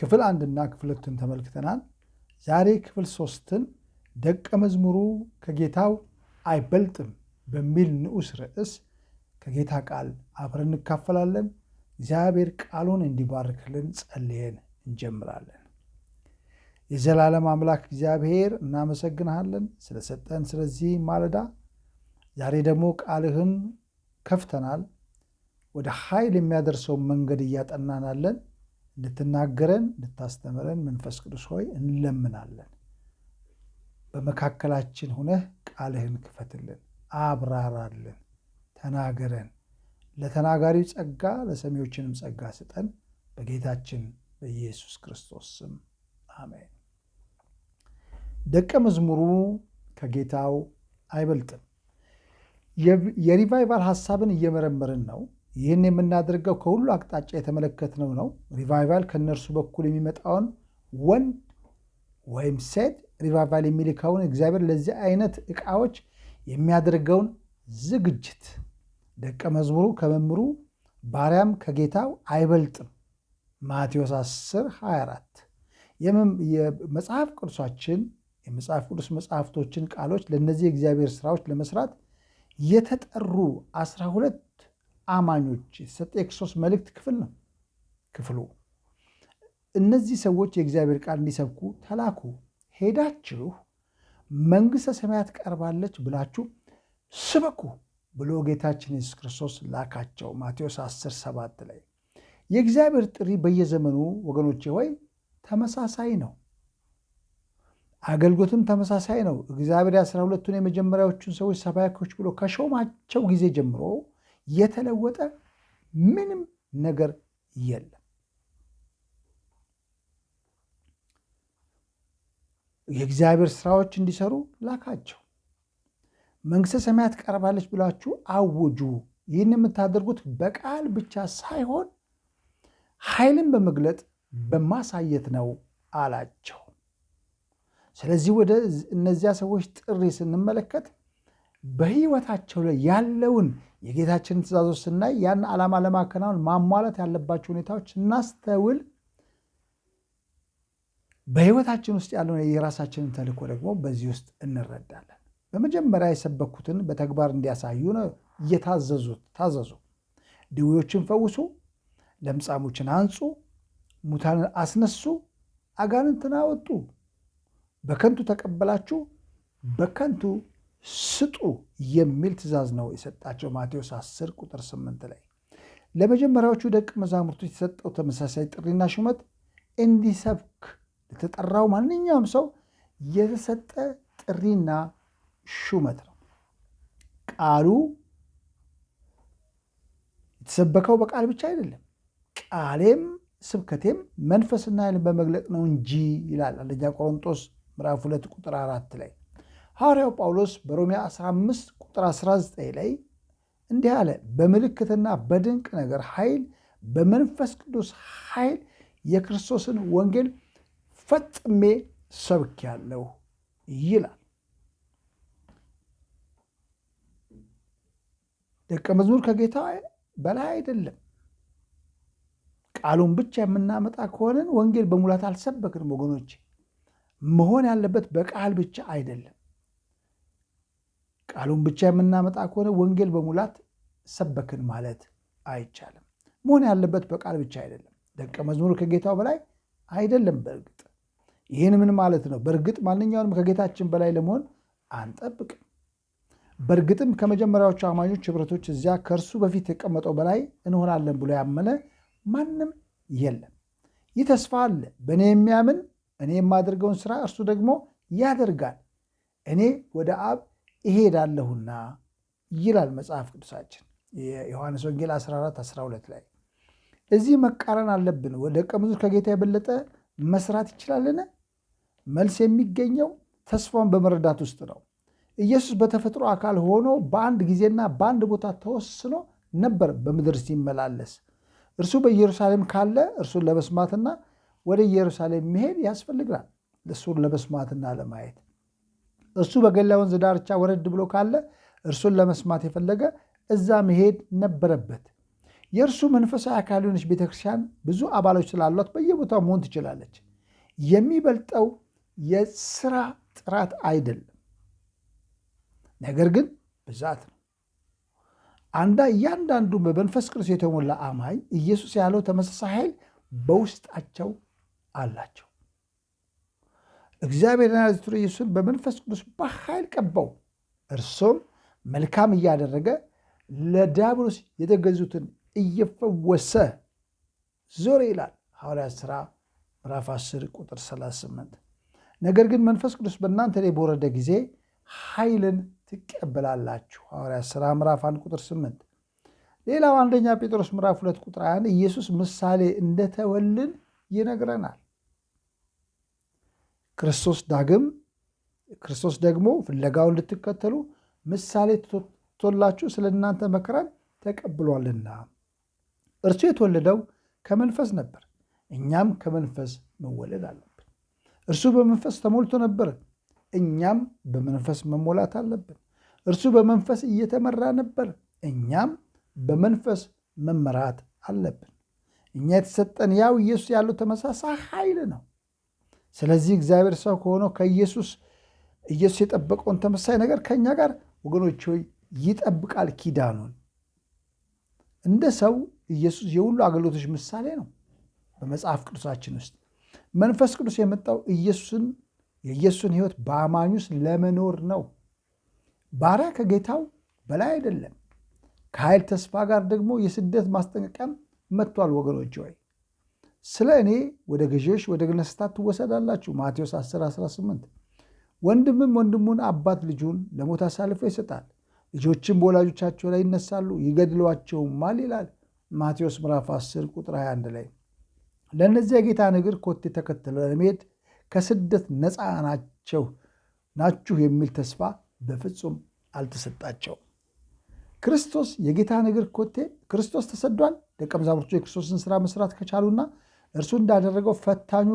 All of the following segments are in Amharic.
ክፍል አንድና ክፍል ሁለትን ተመልክተናል። ዛሬ ክፍል ሶስትን ደቀ መዝሙሩ ከጌታው አይበልጥም በሚል ንዑስ ርዕስ ከጌታ ቃል አብረን እንካፈላለን። እግዚአብሔር ቃሉን እንዲባርክልን ጸልየን እንጀምራለን። የዘላለም አምላክ እግዚአብሔር እናመሰግንሃለን ስለሰጠን ስለዚህ ማለዳ። ዛሬ ደግሞ ቃልህን ከፍተናል። ወደ ኃይል የሚያደርሰውን መንገድ እያጠናናለን እንድትናገረን እንድታስተምረን መንፈስ ቅዱስ ሆይ እንለምናለን። በመካከላችን ሁነህ ቃልህን ክፈትልን፣ አብራራልን፣ ተናገረን። ለተናጋሪው ጸጋ ለሰሚዎችንም ጸጋ ስጠን። በጌታችን በኢየሱስ ክርስቶስ ስም አሜን። ደቀ መዝሙሩ ከጌታው አይበልጥም። የሪቫይቫል ሐሳብን እየመረመርን ነው። ይህን የምናደርገው ከሁሉ አቅጣጫ የተመለከትነው ነው። ሪቫይቫል ከእነርሱ በኩል የሚመጣውን ወንድ ወይም ሴት ሪቫይቫል የሚልከውን እግዚአብሔር ለዚህ አይነት እቃዎች የሚያደርገውን ዝግጅት ደቀ መዝሙሩ ከመምሩ ባሪያም ከጌታው አይበልጥም። ማቴዎስ 10 24 የመጽሐፍ ቅዱሳችን የመጽሐፍ ቅዱስ መጽሐፍቶችን ቃሎች ለእነዚህ የእግዚአብሔር ስራዎች ለመስራት የተጠሩ አስራ ሁለት አማኞች የተሰጠ የክርስቶስ መልእክት ክፍል ነው ክፍሉ። እነዚህ ሰዎች የእግዚአብሔር ቃል እንዲሰብኩ ተላኩ። ሄዳችሁ መንግሥተ ሰማያት ቀርባለች ብላችሁ ስበኩ ብሎ ጌታችን የሱስ ክርስቶስ ላካቸው። ማቴዎስ 10 7 ላይ የእግዚአብሔር ጥሪ በየዘመኑ ወገኖቼ ሆይ ተመሳሳይ ነው። አገልግሎትም ተመሳሳይ ነው። እግዚአብሔር የአስራ ሁለቱን የመጀመሪያዎቹን ሰዎች ሰባኪዎች ብሎ ከሾማቸው ጊዜ ጀምሮ የተለወጠ ምንም ነገር የለም። የእግዚአብሔር ስራዎች እንዲሰሩ ላካቸው። መንግሥተ ሰማያት ቀርባለች ብላችሁ አውጁ። ይህን የምታደርጉት በቃል ብቻ ሳይሆን ኃይልን በመግለጥ በማሳየት ነው አላቸው። ስለዚህ ወደ እነዚያ ሰዎች ጥሪ ስንመለከት በሕይወታቸው ላይ ያለውን የጌታችንን ትእዛዞች ስናይ ያን ዓላማ ለማከናወን ማሟላት ያለባቸው ሁኔታዎች እናስተውል። በህይወታችን ውስጥ ያለው የራሳችንን ተልእኮ ደግሞ በዚህ ውስጥ እንረዳለን። በመጀመሪያ የሰበኩትን በተግባር እንዲያሳዩ ነው እየታዘዙት ታዘዙ። ድዌዎችን ፈውሱ፣ ለምጻሞችን አንጹ፣ ሙታንን አስነሱ፣ አጋንንትን አወጡ። በከንቱ ተቀበላችሁ፣ በከንቱ ስጡ የሚል ትእዛዝ ነው የሰጣቸው ማቴዎስ 10 ቁጥር 8 ላይ። ለመጀመሪያዎቹ ደቀ መዛሙርቱ የተሰጠው ተመሳሳይ ጥሪና ሹመት እንዲሰብክ ለተጠራው ማንኛውም ሰው የተሰጠ ጥሪና ሹመት ነው። ቃሉ የተሰበከው በቃል ብቻ አይደለም፣ ቃሌም ስብከቴም መንፈስና ኃይልን በመግለጥ ነው እንጂ ይላል አንደኛ ቆሮንጦስ ምዕራፍ ሁለት ቁጥር አራት ላይ ሐዋርያው ጳውሎስ በሮሚያ 15 ቁጥር 19 ላይ እንዲህ አለ፣ በምልክትና በድንቅ ነገር ኃይል በመንፈስ ቅዱስ ኃይል የክርስቶስን ወንጌል ፈጥሜ ሰብኬአለሁ ይላል። ደቀ መዝሙር ከጌታ በላይ አይደለም። ቃሉን ብቻ የምናመጣ ከሆነን ወንጌል በሙላት አልሰበክንም ወገኖች። መሆን ያለበት በቃል ብቻ አይደለም ቃሉን ብቻ የምናመጣ ከሆነ ወንጌል በሙላት ሰበክን ማለት አይቻልም። መሆን ያለበት በቃል ብቻ አይደለም። ደቀ መዝሙር ከጌታው በላይ አይደለም። በእርግጥ ይህን ምን ማለት ነው? በእርግጥ ማንኛውንም ከጌታችን በላይ ለመሆን አንጠብቅም። በእርግጥም ከመጀመሪያዎቹ አማኞች ህብረቶች እዚያ ከእርሱ በፊት የቀመጠው በላይ እንሆናለን ብሎ ያመነ ማንም የለም። ይህ ተስፋ አለ። በእኔ የሚያምን እኔ የማደርገውን ስራ እርሱ ደግሞ ያደርጋል። እኔ ወደ አብ እሄዳለሁና ይላል መጽሐፍ ቅዱሳችን የዮሐንስ ወንጌል 14 12 ላይ። እዚህ መቃረን አለብን። ደቀ መዝሙር ከጌታ የበለጠ መስራት ይችላልን? መልስ የሚገኘው ተስፋውን በመረዳት ውስጥ ነው። ኢየሱስ በተፈጥሮ አካል ሆኖ በአንድ ጊዜና በአንድ ቦታ ተወስኖ ነበር በምድር ሲመላለስ። እርሱ በኢየሩሳሌም ካለ እርሱን ለመስማትና ወደ ኢየሩሳሌም መሄድ ያስፈልግናል፣ እሱን ለመስማትና ለማየት እሱ በገላ ወንዝ ዳርቻ ወረድ ብሎ ካለ እርሱን ለመስማት የፈለገ እዛ መሄድ ነበረበት። የእርሱ መንፈሳዊ አካል የሆነች ቤተክርስቲያን ብዙ አባሎች ስላሏት በየቦታው መሆን ትችላለች። የሚበልጠው የስራ ጥራት አይደለም፣ ነገር ግን ብዛት ነው። አንዳ እያንዳንዱ በመንፈስ ቅዱስ የተሞላ አማኝ ኢየሱስ ያለው ተመሳሳይ ኃይል በውስጣቸው አላቸው። እግዚአብሔር ናዝሬቱ ኢየሱስን በመንፈስ ቅዱስ በኃይል ቀባው። እርሱም መልካም እያደረገ ለዲያብሎስ የተገዙትን እየፈወሰ ዞር ይላል ሐዋርያት ሥራ ምዕራፍ 10 ቁጥር 38። ነገር ግን መንፈስ ቅዱስ በእናንተ ላይ በወረደ ጊዜ ኃይልን ትቀበላላችሁ። ሐዋርያት ሥራ ምዕራፍ 1 ቁጥር 8። ሌላው አንደኛ ጴጥሮስ ምዕራፍ 2 ቁጥር 1 ኢየሱስ ምሳሌ እንደተወልን ይነግረናል። ክርስቶስ ዳግም ክርስቶስ ደግሞ ፍለጋውን እንድትከተሉ ምሳሌ ትቶላችሁ ስለ እናንተ መከራን ተቀብሏልና እርሱ የተወለደው ከመንፈስ ነበር፣ እኛም ከመንፈስ መወለድ አለብን። እርሱ በመንፈስ ተሞልቶ ነበር፣ እኛም በመንፈስ መሞላት አለብን። እርሱ በመንፈስ እየተመራ ነበር፣ እኛም በመንፈስ መመራት አለብን። እኛ የተሰጠን ያው ኢየሱስ ያለው ተመሳሳይ ኃይል ነው። ስለዚህ እግዚአብሔር ሰው ከሆነው ከኢየሱስ ኢየሱስ የጠበቀውን ተመሳይ ነገር ከእኛ ጋር ወገኖች ሆይ ይጠብቃል ኪዳኑን። እንደ ሰው ኢየሱስ የሁሉ አገልግሎቶች ምሳሌ ነው። በመጽሐፍ ቅዱሳችን ውስጥ መንፈስ ቅዱስ የመጣው ኢየሱስን የኢየሱስን ሕይወት በአማኝ ውስጥ ለመኖር ነው። ባሪያ ከጌታው በላይ አይደለም። ከኃይል ተስፋ ጋር ደግሞ የስደት ማስጠንቀቂያም መጥቷል ወገኖች ሆይ ስለ እኔ ወደ ገዢዎች ወደ ነገሥታት ትወሰዳላችሁ። ማቴዎስ 10 18 ወንድምም ወንድሙን አባት ልጁን ለሞት አሳልፎ ይሰጣል፣ ልጆችም በወላጆቻቸው ላይ ይነሳሉ ይገድሏቸውማል ይላል ማቴዎስ ምዕራፍ 10 ቁጥር 21 ላይ። ለእነዚያ ጌታ እግር ኮቴ ተከትለው ለመሄድ ከስደት ነፃ ናቸው ናችሁ የሚል ተስፋ በፍጹም አልተሰጣቸውም። ክርስቶስ የጌታን እግር ኮቴ ክርስቶስ ተሰዷል። ደቀ መዛሙርቱ የክርስቶስን ስራ መስራት ከቻሉና እርሱ እንዳደረገው ፈታኙ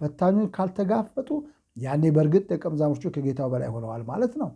ፈታኙን ካልተጋፈጡ ያኔ በእርግጥ ደቀ መዛሙርቹ ከጌታው በላይ ሆነዋል ማለት ነው።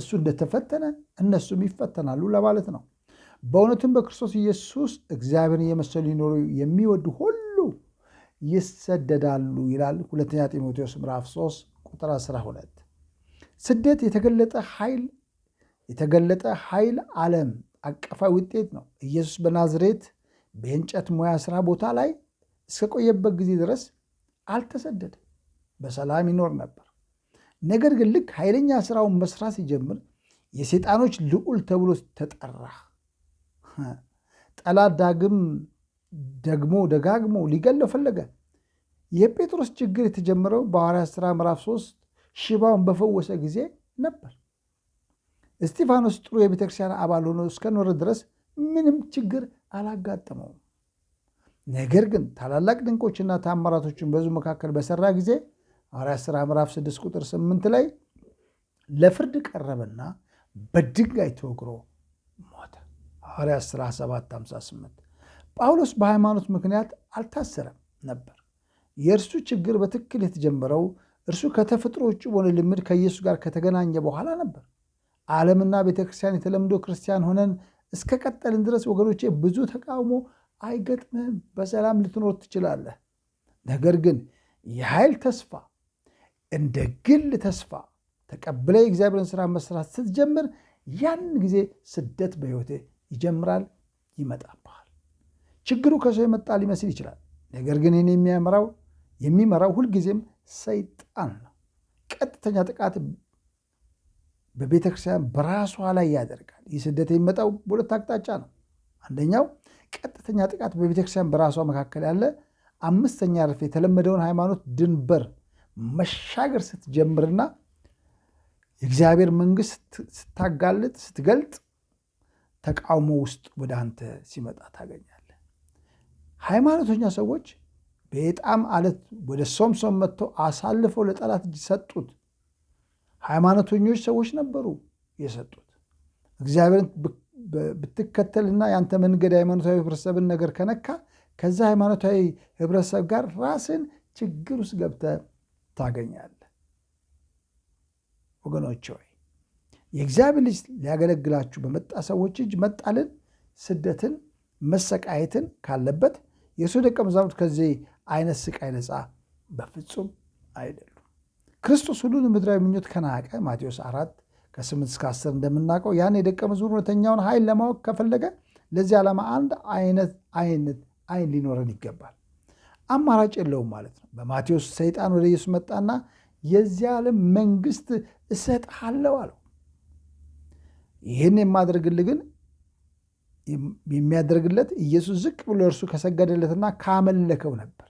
እሱ እንደተፈተነ እነሱም ይፈተናሉ ለማለት ነው። በእውነትም በክርስቶስ ኢየሱስ እግዚአብሔርን እየመሰሉ ሊኖሩ የሚወዱ ሁሉ ይሰደዳሉ ይላል ሁለተኛ ጢሞቴዎስ ምዕራፍ 3 ቁጥር 12። ስደት የተገለጠ ኃይል የተገለጠ ኃይል ዓለም አቀፋዊ ውጤት ነው። ኢየሱስ በናዝሬት በእንጨት ሙያ ስራ ቦታ ላይ እስከቆየበት ጊዜ ድረስ አልተሰደደ፣ በሰላም ይኖር ነበር። ነገር ግን ልክ ኃይለኛ ስራውን መስራት ሲጀምር የሰይጣኖች ልዑል ተብሎ ተጠራ። ጠላት ዳግም ደግሞ ደጋግሞ ሊገለው ፈለገ። የጴጥሮስ ችግር የተጀመረው በሐዋርያ ሥራ ምዕራፍ ሶስት ሽባውን በፈወሰ ጊዜ ነበር። እስጢፋኖስ ጥሩ የቤተክርስቲያን አባል ሆኖ እስከኖረ ድረስ ምንም ችግር አላጋጠመውም። ነገር ግን ታላላቅ ድንቆችና ተአምራቶችን በዙ መካከል በሰራ ጊዜ ሐዋርያት ሥራ ምዕራፍ 6 ቁጥር 8 ላይ ለፍርድ ቀረበና በድንጋይ ተወግሮ ሞተ። ሐዋርያት ሥራ 7 58 ጳውሎስ በሃይማኖት ምክንያት አልታሰረም ነበር። የእርሱ ችግር በትክክል የተጀመረው እርሱ ከተፈጥሮ ውጭ በሆነ ልምድ ከኢየሱስ ጋር ከተገናኘ በኋላ ነበር። ዓለምና ቤተ ክርስቲያን የተለምዶ ክርስቲያን ሆነን እስከ ቀጠልን ድረስ ወገኖቼ ብዙ ተቃውሞ አይገጥምህም። በሰላም ልትኖር ትችላለህ። ነገር ግን የኃይል ተስፋ እንደ ግል ተስፋ ተቀብለ የእግዚአብሔርን ስራ መስራት ስትጀምር ያን ጊዜ ስደት በሕይወቴ ይጀምራል፣ ይመጣብሃል። ችግሩ ከሰው የመጣ ሊመስል ይችላል። ነገር ግን ይህን የሚያምራው የሚመራው ሁልጊዜም ሰይጣን ነው። ቀጥተኛ ጥቃት በቤተ ክርስቲያን በራሷ ላይ ያደርጋል። ይህ ስደት የሚመጣው በሁለት አቅጣጫ ነው። አንደኛው ቀጥተኛ ጥቃት በቤተክርስቲያን በራሷ መካከል ያለ አምስተኛ ረድፍ የተለመደውን ሃይማኖት ድንበር መሻገር ስትጀምርና የእግዚአብሔር መንግስት ስታጋልጥ ስትገልጥ ተቃውሞ ውስጥ ወደ አንተ ሲመጣ ታገኛለህ። ሃይማኖተኛ ሰዎች በጣም አለት ወደ ሶምሶን መጥተው አሳልፈው ለጠላት እጅ ሰጡት። ሃይማኖተኞች ሰዎች ነበሩ የሰጡት እግዚአብሔርን ብትከተልና የአንተ መንገድ ሃይማኖታዊ ህብረተሰብን ነገር ከነካ ከዛ ሃይማኖታዊ ህብረተሰብ ጋር ራስን ችግር ውስጥ ገብተ ታገኛለ። ወገኖች ሆይ የእግዚአብሔር ልጅ ሊያገለግላችሁ በመጣ ሰዎች እጅ መጣልን፣ ስደትን፣ መሰቃየትን ካለበት የእሱ ደቀ መዛሙርት ከዚህ አይነት ስቃይ ነፃ በፍጹም አይደሉም። ክርስቶስ ሁሉን ምድራዊ ምኞት ከናቀ ማቴዎስ አራት ከስምንት እስከ አስር እንደምናውቀው ያን የደቀ መዝሙር እውነተኛውን ኃይል ለማወቅ ከፈለገ ለዚህ ዓላማ አንድ አይነት አይነት አይን ሊኖረን ይገባል። አማራጭ የለውም ማለት ነው። በማቴዎስ ሰይጣን ወደ ኢየሱስ መጣና የዚህ ዓለም መንግስት እሰጥሃለሁ አለው። ይህን የማደርግልህ ግን የሚያደርግለት ኢየሱስ ዝቅ ብሎ እርሱ ከሰገደለትና ካመለከው ነበር።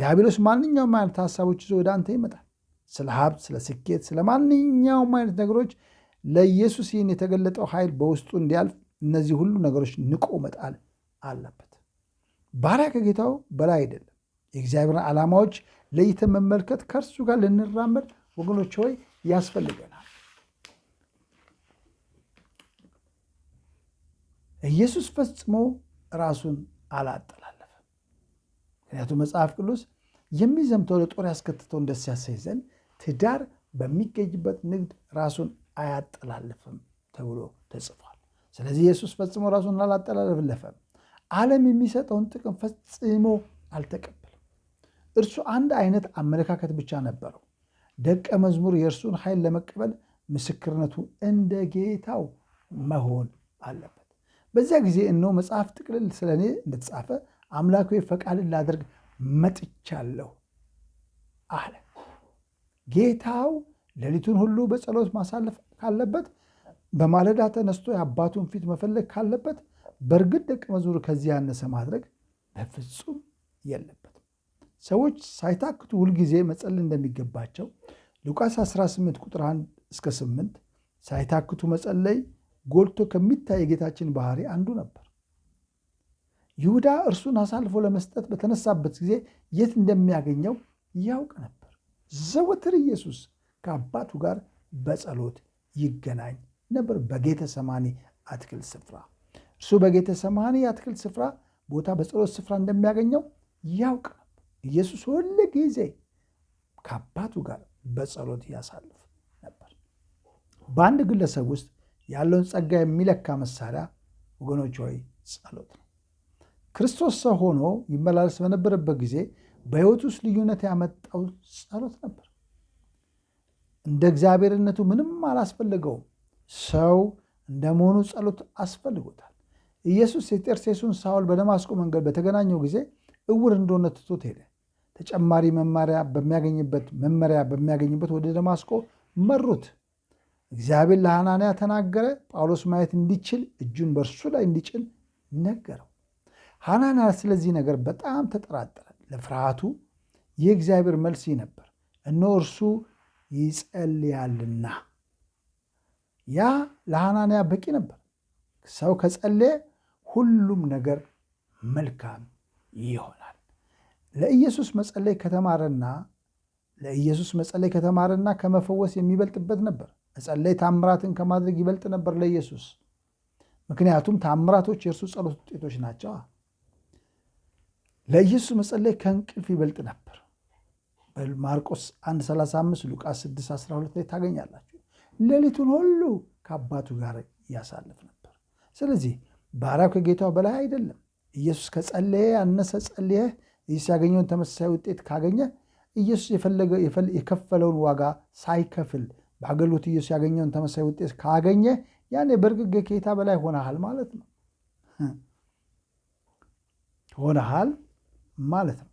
ዲያብሎስ ማንኛውም አይነት ሀሳቦች ይዞ ወደ አንተ ይመጣል። ስለ ሀብት፣ ስለ ስኬት፣ ስለ ማንኛውም አይነት ነገሮች ለኢየሱስ ይህን የተገለጠው ኃይል በውስጡ እንዲያልፍ እነዚህ ሁሉ ነገሮች ንቆ መጣል አለበት። ባሪያ ከጌታው በላይ አይደለም። የእግዚአብሔርን ዓላማዎች ለይተን መመልከት ከእርሱ ጋር ልንራመድ ወገኖች ሆይ ያስፈልገናል። ኢየሱስ ፈጽሞ ራሱን አላጠላለፈም። ምክንያቱም መጽሐፍ ቅዱስ የሚዘምተው ለጦር ያስከትተውን ደስ ያሰኝ ዘንድ ትዳር በሚገኝበት ንግድ ራሱን አያጠላልፍም ተብሎ ተጽፏል። ስለዚህ ኢየሱስ ፈጽሞ ራሱን አላጠላለፈም። ዓለም የሚሰጠውን ጥቅም ፈጽሞ አልተቀበለም። እርሱ አንድ አይነት አመለካከት ብቻ ነበረው። ደቀ መዝሙር የእርሱን ኃይል ለመቀበል ምስክርነቱ እንደ ጌታው መሆን አለበት። በዚያ ጊዜ እነሆ መጽሐፍ ጥቅልል ስለ እኔ እንደተጻፈ አምላክ ፈቃድን ላደርግ መጥቻለሁ አለ። ጌታው ሌሊቱን ሁሉ በጸሎት ማሳለፍ ካለበት፣ በማለዳ ተነስቶ የአባቱን ፊት መፈለግ ካለበት፣ በእርግጥ ደቀ መዝሙር ከዚህ ያነሰ ማድረግ በፍጹም የለበትም። ሰዎች ሳይታክቱ ሁልጊዜ መጸል እንደሚገባቸው ሉቃስ 18 ቁጥር 1 እስከ 8 ሳይታክቱ መጸለይ ጎልቶ ከሚታይ የጌታችን ባህሪ አንዱ ነበር። ይሁዳ እርሱን አሳልፎ ለመስጠት በተነሳበት ጊዜ የት እንደሚያገኘው ያውቅ ነበር። ዘወትር ኢየሱስ ከአባቱ ጋር በጸሎት ይገናኝ ነበር በጌተሰማኒ አትክልት ስፍራ። እርሱ በጌተሰማኒ አትክልት ስፍራ ቦታ በጸሎት ስፍራ እንደሚያገኘው ያውቅ ነበር። ኢየሱስ ሁል ጊዜ ከአባቱ ጋር በጸሎት ያሳልፍ ነበር። በአንድ ግለሰብ ውስጥ ያለውን ጸጋ የሚለካ መሳሪያ ወገኖች ሆይ ጸሎት ነው። ክርስቶስ ሰው ሆኖ ይመላለስ በነበረበት ጊዜ በሕይወት ውስጥ ልዩነት ያመጣው ጸሎት ነበር። እንደ እግዚአብሔርነቱ ምንም አላስፈልገውም። ሰው እንደ መሆኑ ጸሎት አስፈልጎታል። ኢየሱስ የጤርሴሱን ሳውል በደማስቆ መንገድ በተገናኘው ጊዜ እውር እንደሆነ ትቶት ሄደ። ተጨማሪ መማሪያ በሚያገኝበት መመሪያ በሚያገኝበት ወደ ደማስቆ መሩት። እግዚአብሔር ለሐናንያ ተናገረ። ጳውሎስ ማየት እንዲችል እጁን በእርሱ ላይ እንዲጭን ነገረው። ሐናንያ ስለዚህ ነገር በጣም ተጠራጠረ። ለፍርሃቱ የእግዚአብሔር መልስ ይህ ነበር፣ እነሆ እርሱ ይጸልያልና። ያ ለሐናንያ በቂ ነበር። ሰው ከጸለየ ሁሉም ነገር መልካም ይሆናል። ለኢየሱስ መጸለይ ከተማረና ለኢየሱስ መጸለይ ከተማረና ከመፈወስ የሚበልጥበት ነበር። መጸለይ ታምራትን ከማድረግ ይበልጥ ነበር ለኢየሱስ። ምክንያቱም ታምራቶች የእርሱ ጸሎት ውጤቶች ናቸው። ለኢየሱስ መጸለይ ከእንቅልፍ ይበልጥ ነበር። ማርቆስ 1፥35 ሉቃስ 6፥12 ላይ ታገኛላችሁ። ሌሊቱን ሁሉ ከአባቱ ጋር ያሳልፍ ነበር። ስለዚህ ባሪያው ከጌታው በላይ አይደለም። ኢየሱስ ከጸለየ ያነሰ ጸለየ ኢየሱስ ያገኘውን ተመሳሳይ ውጤት ካገኘ ኢየሱስ የከፈለውን ዋጋ ሳይከፍል በአገልግሎት ኢየሱስ ያገኘውን ተመሳሳይ ውጤት ካገኘ ያኔ በእርግጌ ከጌታ በላይ ሆነሃል ማለት ነው ሆነሃል ማለት ነው።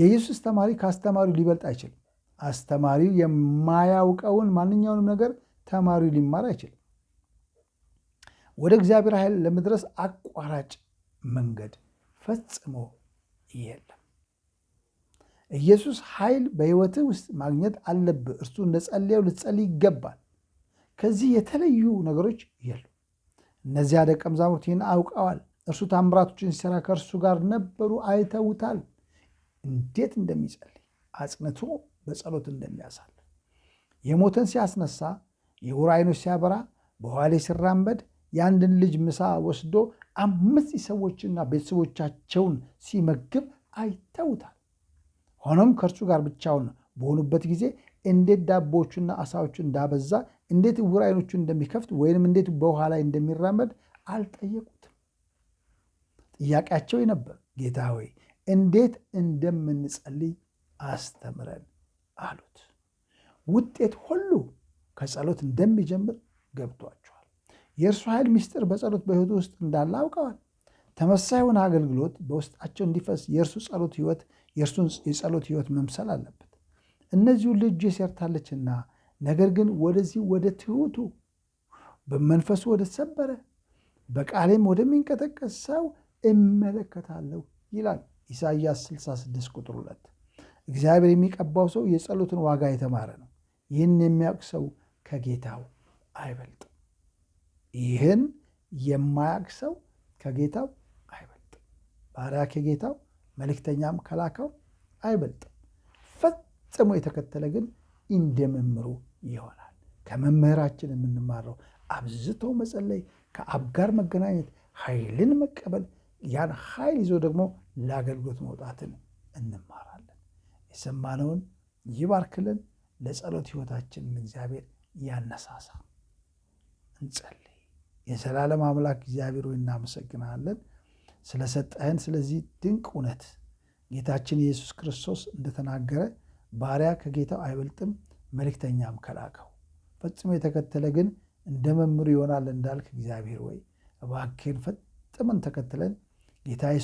የኢየሱስ ተማሪ ከአስተማሪው ሊበልጥ አይችልም። አስተማሪው የማያውቀውን ማንኛውንም ነገር ተማሪው ሊማር አይችልም። ወደ እግዚአብሔር ኃይል ለመድረስ አቋራጭ መንገድ ፈጽሞ የለም። ኢየሱስ ኃይል በህይወት ውስጥ ማግኘት አለብህ። እርሱ እንደ ጸለየው ልትጸልይ ይገባል። ከዚህ የተለዩ ነገሮች የሉ። እነዚያ ደቀ መዛሙርት ይህን አውቀዋል። እርሱ ታምራቶችን ሲሰራ ከእርሱ ጋር ነበሩ፣ አይተውታል። እንዴት እንደሚጸልይ አጽንቶ በጸሎት እንደሚያሳል የሞተን ሲያስነሳ፣ የዕውር ዓይኖች ሲያበራ፣ በኋላ ሲራመድ፣ የአንድን ልጅ ምሳ ወስዶ አምስት ሰዎችና ቤተሰቦቻቸውን ሲመግብ አይተውታል። ሆኖም ከእርሱ ጋር ብቻውን በሆኑበት ጊዜ እንዴት ዳቦዎቹና አሳዎቹ እንዳበዛ፣ እንዴት ዕውር ዓይኖቹ እንደሚከፍት፣ ወይንም እንዴት በውሃ ላይ እንደሚራመድ አልጠየቁ ጥያቄያቸው የነበር ጌታ ሆይ እንዴት እንደምንጸልይ አስተምረን አሉት። ውጤት ሁሉ ከጸሎት እንደሚጀምር ገብቷቸዋል። የእርሱ ኃይል ምስጢር በጸሎት በሕይወቱ ውስጥ እንዳለ አውቀዋል። ተመሳዩን አገልግሎት በውስጣቸው እንዲፈስ የእርሱ ጸሎት ሕይወት የእርሱን የጸሎት ሕይወት መምሰል አለበት። እነዚሁ ልጅ የሰርታለችና ነገር ግን ወደዚህ ወደ ትሑቱ በመንፈሱ ወደ ተሰበረ በቃሌም ወደሚንቀጠቀስ ሰው እመለከታለሁ ይላል ኢሳይያስ 66 ቁጥር 2። እግዚአብሔር የሚቀባው ሰው የጸሎትን ዋጋ የተማረ ነው። ይህን የሚያውቅ ሰው ከጌታው አይበልጥም። ይህን የማያውቅ ሰው ከጌታው አይበልጥም። ባሪያ ከጌታው መልእክተኛም ከላካው አይበልጥም። ፈጽሞ የተከተለ ግን እንደ መምህሩ ይሆናል። ከመምህራችን የምንማረው አብዝቶ መጸለይ፣ ከአብ ጋር መገናኘት፣ ኃይልን መቀበል ያን ኃይል ይዞ ደግሞ ለአገልግሎት መውጣትን እንማራለን። የሰማነውን ይባርክልን። ለጸሎት ሕይወታችን እግዚአብሔር ያነሳሳ። እንጸልይ። የዘላለም አምላክ እግዚአብሔር ሆይ እናመሰግናለን ስለሰጠህን ስለዚህ ድንቅ እውነት ጌታችን ኢየሱስ ክርስቶስ እንደተናገረ ባሪያ ከጌታው አይበልጥም፣ መልእክተኛም ከላከው ፈጽሞ የተከተለ ግን እንደ መምህሩ ይሆናል እንዳልክ እግዚአብሔር ወይ እባክህን ፈጥመን ተከትለን Detaj su